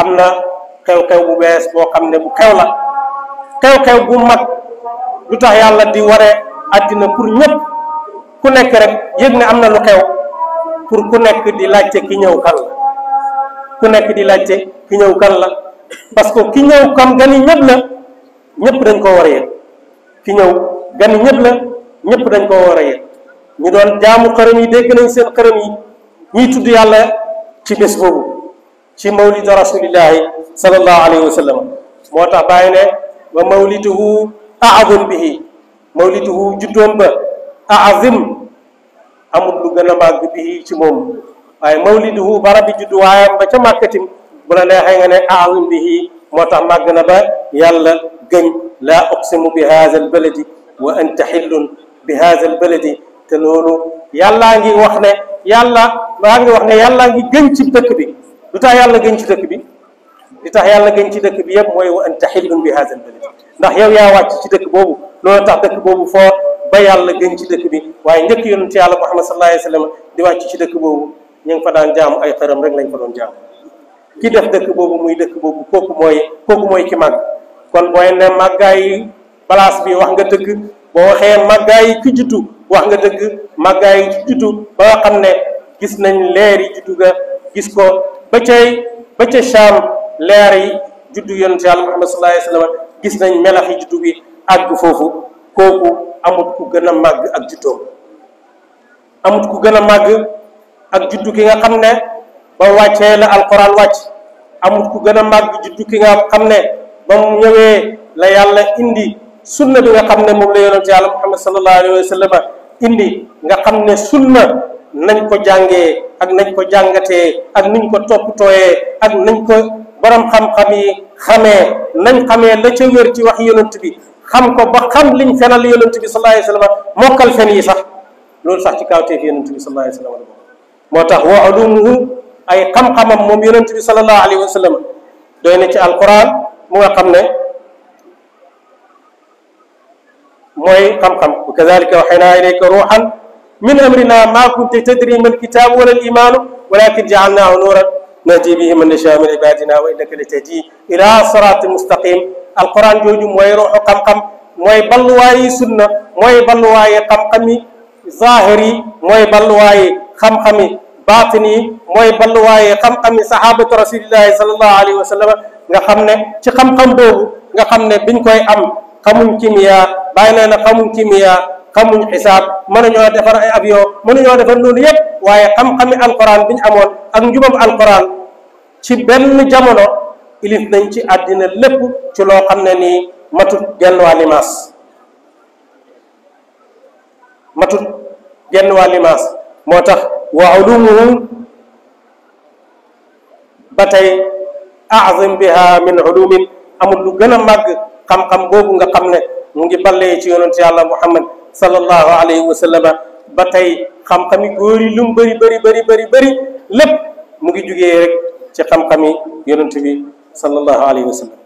am na xew-xew bu bees boo xam ne bu xew la xew-xew bu mag lu tax yàlla di waree àddina pour ñëpp ku nekk rek yëg ne am na lu xew pour ku nekk di laajte ki ñëw kan la di laajte ñëw kan la parce que ki ñëw kam gani ñëpp la ñëpp dañ koo war a yëg ki ñëw gani ñëpp la ñëpp dañ koo war a yëg ñu doon jaamu xërëm yi dégg nañ seen xërëm yi tudd yàlla ci bés boobu ci mawlid rasulillah sallallahu alayhi wasallam sallam moo wa mawliduhu a'zam bihi mawliduhu juddoom ba a'zam amul lu gëna a màgg bihi ci moom waaye mawliduhu barabi wayam ba ca màkkatim bu la neexee nga ne a'zam bihi moo magna ba yàlla gëñ la aqsimu bi hadha al balad wa anta xillun bi hadha al balad te lolu yalla ngi wax ne yàlla maa ngi wax ne yalla ngi gëñ ci dëkk bi lu tax yàlla gën ci dëkk bi li tax yàlla gën ci dëkk bi yëpp mooy wa anta xillun bi haazal balad ndax yow yaa wàcc ci dëkk boobu loolu tax dëkk boobu foo ba yàlla gën ci dëkk bi waaye njëkk yonent yàlla muhammad sallallahu alayhi wa di wàcc ci dëkk boobu ñu fa daan jaamu ay xëram rek lañ fa doon jaamu ki def dëkk boobu muy dëkk boobu kooku mooy kooku mooy ki màgg kon booy ne màggaay place bi wax nga dëgg boo waxee màggaay ki juddu wax nga dëgg màggaay ki juddu ba nga gis nañ leeri juddu ga gis ko ba cay ba leer yi juddu yonent yàlla Muhammad sallallahu alayhi gis nañ melax yi juddu bi àgg foofu kooku amut ku gën a màgg ak juddoom amut ku gën a màgg ak juddu ki nga xam ne ba wàccee la alquran wàcc amut ku gën a màgg juddu ki nga xam ne ba mu ñëwee la yàlla indi sunna bi nga xam ne moom la yonent yàlla Muhammad sallallahu alayhi indi nga xam ne sunna nañ ko jàngee ak nañ ko jàngatee ak niñ ko toppatooyee ak nañ ko borom xam-xam yi xamee nañ xamee la ca ci wax yonent bi xam ko ba xam liñ fenal yonent bi sallallahu alayhi mokkal fen yi sax loolu sax ci kawteef yonent bi sallallahu moo tax wa ulumuhu ay xam-xamam moom yonent bi sallallahu alayhi wa sallam doy na ci alquran mu xam ne mooy xam-xam wa kadalika waxee naa ilayka ruuxan من أمرنا ما كنت تدري من الكتاب ولا الإيمان ولكن جعلناه نورا نهدي به من نشاء من عبادنا وإنك لتهدي إلى صراط مستقيم القرآن جوج موي روح قمقم موي بلواي سنة موي بلواي قمقمي ظاهري موي بلواي خمخمي باطني موي بلواي خمخمي صحابة رسول الله صلى الله عليه وسلم nga xam نحن ci xam-xam نحن nga نحن نحن biñ koy am xamuñ kimiya نحن na xamuñ kimiya xamuñ xisaab mënuñoo defar ay avion mënuñoo defar loolu yépp waaye xam-xami alquran bi ñu amoon ak njubam alquran ci benn jamono ilif nañ ci àddina lépp ci loo xam ne nii matut genn waa limaas genn waa moo tax wa ulumuhum ba tey azim biha min ulumin amul lu gën a màgg xam-xam boobu nga xam ne mu ngi ballee ci yonent yàlla muhammad sallallahu alayhi wa sallam ba tey xam-xami góor lum lu mu bëri bëri bëri bëri bëri mu ngi jugee rek ci xam-xami yonent bi sallallahu alayhi wa sallam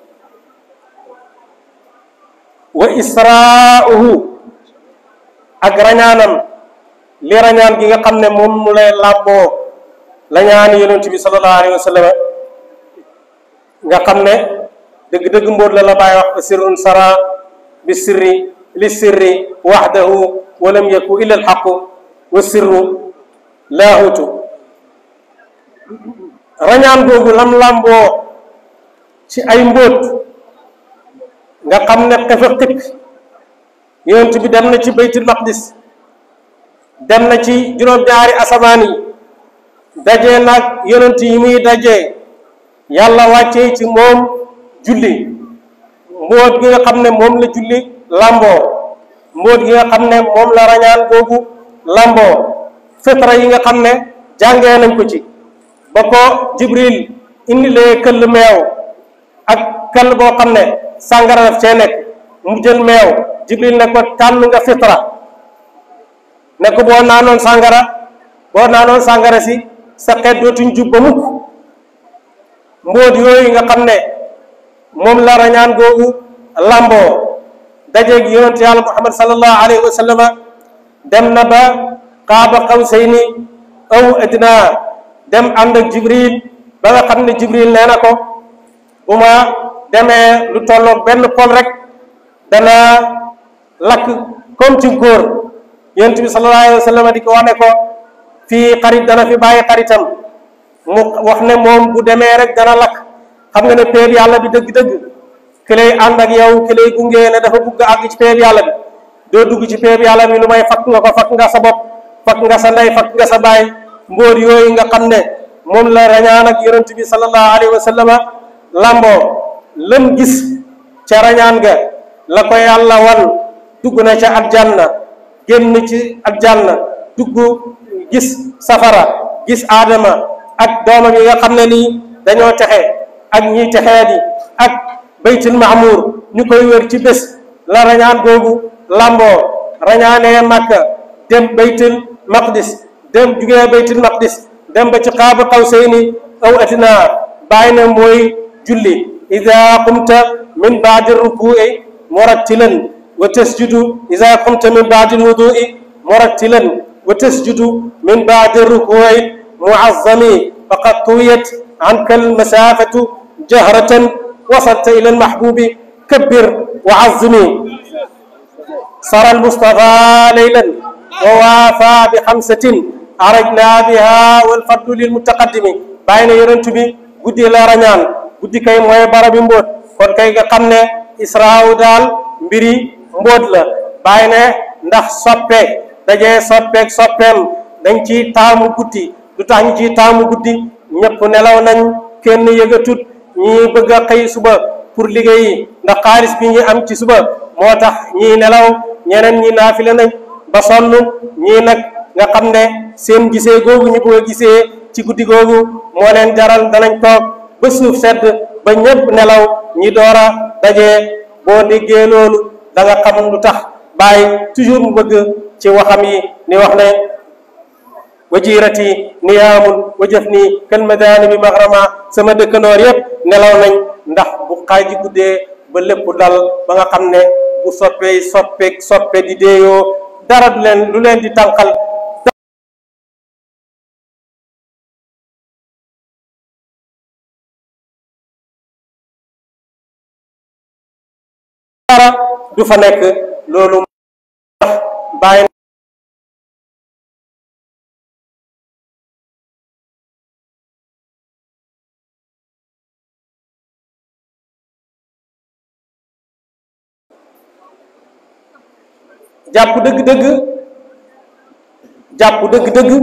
wa israuhu ak rañaanam li rañaan gi nga xam ne moom mu lay làmboo lañaan yonent bi sallallahu alayhi wa sallam nga xam ne dëgg-dëgg mbóot la la bàyyi wax sirrun sara bi sirri للسر وحده ولم يكن إلا الحق والسر laahutu rañaan googu lam làmboo ci ay mbóot nga xam ne xefe xip yonent bi dem na ci baytul maqdis dem na ci juróom-ñaari asamaan yi dajee nag yonent yi muy dajee yàlla wàccee ci moom julli mbóot gi nga xam ne moom la julli lamboo mbóot yi nga xam ne moom la rañaan googu lamboo fitra yi nga xam ne jàngee nañ ko ci ba ko jibril indilee këll meew ak këll boo xam ne sàngara daf jël meew jibril ne ko tànn nga fitra ne sàngara si sa xeet dootuñ jub ba mukk mbóot yooyu nga xam ne moom la rañaan googu lamboo dajeeg yonent yàlla muhammad sallallahu alayhi wa sallama dem na ba qaaba qawsayni aw adnaa dem ànd ak ba nga xam ne jibril nee na ko bu ma demee lu tolloog benn pol rek dana lakk comme ci góor yonent bi sallallahu alayhi wa sallama di ko wax ne ko fii xarit dana fi bàyyi xaritam wax ne moom bu demee rek dana lakk xam nga ne péeb yàlla bi dëgg-dëgg ki lay ànd ak yow ki lay ne dafa bugg àgg ci peeb yàlla bi doo dugg ci peeb yàlla bi lu may fakk nga ko fakk nga sa bopp fakk nga sa ndey fakk nga sa baay mbóot yooyu nga xam ne moom la rañaan ak yonent bi sallallahu alayhi wa lëm gis ca rañaan ga la ko yàlla wan dugg na ca aljanna génn ci aljanna dugg gis safara gis aadama ak doomam yi nga xam ne nii dañoo texe ak ñiy texee di ak baytul mahmur ñu koy wër ci bés la rañaan googu lamboo rañaanee makka dem baytul maqdis dem jugee baytul maqdis dem ba ci xaabu xawsayni aw atina bàyyi na mooy julli ida qumta min baadi rukui murattilan wa tasjudu ida qumta min baadi lwudui murattilan wa tasjudu min baadi rukui muazzami faqad tuwiyat anka almasafatu jahratan وصلت إلى المحبوب كبر وعظمي صار المصطفى ليلا ووافى بخمسة عرجنا بها والفضل للمتقدم bàyyi na yonent bi guddi la rañaan guddi kay mooy barabi mbóot kon kay nga xam ne israaw daal mbiri mbóot la bàyyi ne ndax soppe dajee soppeek soppeem dañ ciy taamu guddi lu tax ñu ciy taamu guddi ñëpp nelaw nañ kenn yëgatut ñii bëgg xëy suba pour liggéeyi ndax xaalis bi ñu am ci suba moo tax ñii nelaw ñeneen ñi naafile nañ ba sonn ñii nag nga xam ne seen gisee googu ñu bëgg gisee ci guddi googu moo leen jaral danañ toog ba suuf sedd ba ñëpp nelaw ñi door a dajee boo déggee loolu da nga xam lu tax bàyyi toujours mu bëgg ci waxam yi ni wax ne wajirati niyaamun wajafni kalmadaani bi maxrama sama dëkkandoor yépp nelaw nañ ndax bu xaaji guddee ba lépp dal ba nga xam ne bu soppee soppeek soppe di deeyoo dara du lu leen di tànqal dara du fa nekk loolu bàyyi jàpp dëgg-dëgg jàpp dëgg-dëgg